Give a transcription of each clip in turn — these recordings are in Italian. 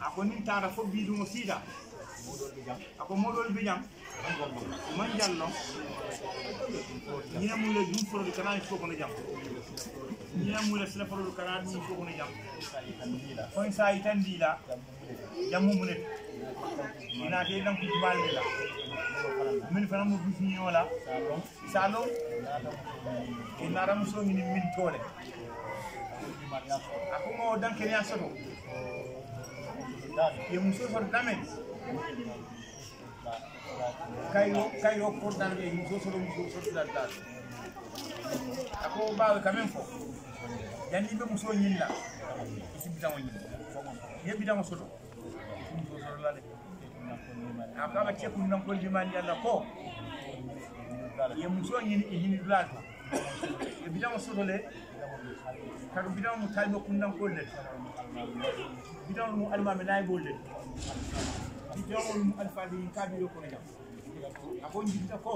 a ako nin taata fof biidumo a ako moɗol bi jam man jallo ñina mule ɗum produit kana ni fof kono jam ñina le sila produit kana ɗum fof kono jam koye sayi tan ndiila jammu munet ina te ɗan ko jumalde la min fana mo bisniyo la salo e naramusoñini min toole ako mo dankene a soto ye muso sɔrɔ daminɛ kayo kayo ko dan ye muso sɔrɔ muso sɔrɔ da da a ko ba bɛ ka min fɔ yanni i bɛ muso ɲini la i ti bidɔn ɲini n'i ye bidɔn sɔrɔ muso sɔrɔ la dɛ a ko a ka cɛ kun nanko limaniya la ko ye muso ɲini i ɲini dula la ye bidɔn sɔrɔ dɛ tato bidon mu tawi nokku ndam gollel bidon mu almami nayi gollel bidon mu alfaade yin kaabi yo kono ya. jam ako jibita ko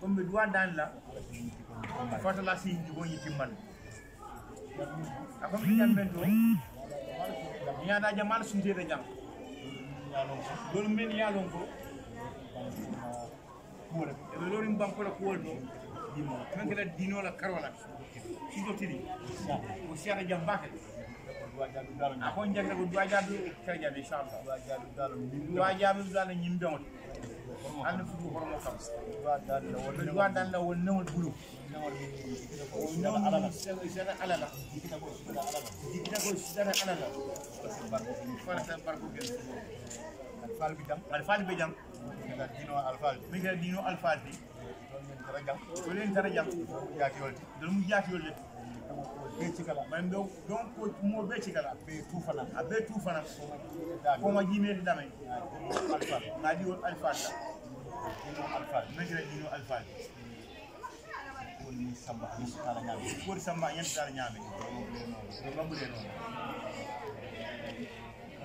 comme ɓe duwa dani la fatala si jigon yi timman ako mi jam men to mi yaada jam mala sumtede jam lolu men yaalon ko kuwol eɓe lorin bankola kuwol ɗo kan kɛra diinɛ la karo la sito tiri o siyaka janba kɛ a ko n jakira ko duwa jaabi kɛra jaabi inshallah duwa jaabi bila la ɲin bɛn o hali ni furu hɔrɔmɔ kama duwa dan la wali nɛwal bulu o nɛwal sɛgɛ ala la jikita ko sɛgɛ ala la fara sɛ bariko gɛlɛ alfaal bi jam alfaal bi jam min kɛra diinɛ alfaal bi min kɛra diinɛ alfaal bi woni tara jam jaaki yolde nde mum jaaki yolde ɓe cikala man ɗo donc mo ɓe cikala ɓe tufana a ɓe tufana koma jimede ɗame alpha naɗi on alphaɗa alpha majira ɗino alphaji woni samba ala ñaame woni samba ñantitara ñaame ɗo lambude noon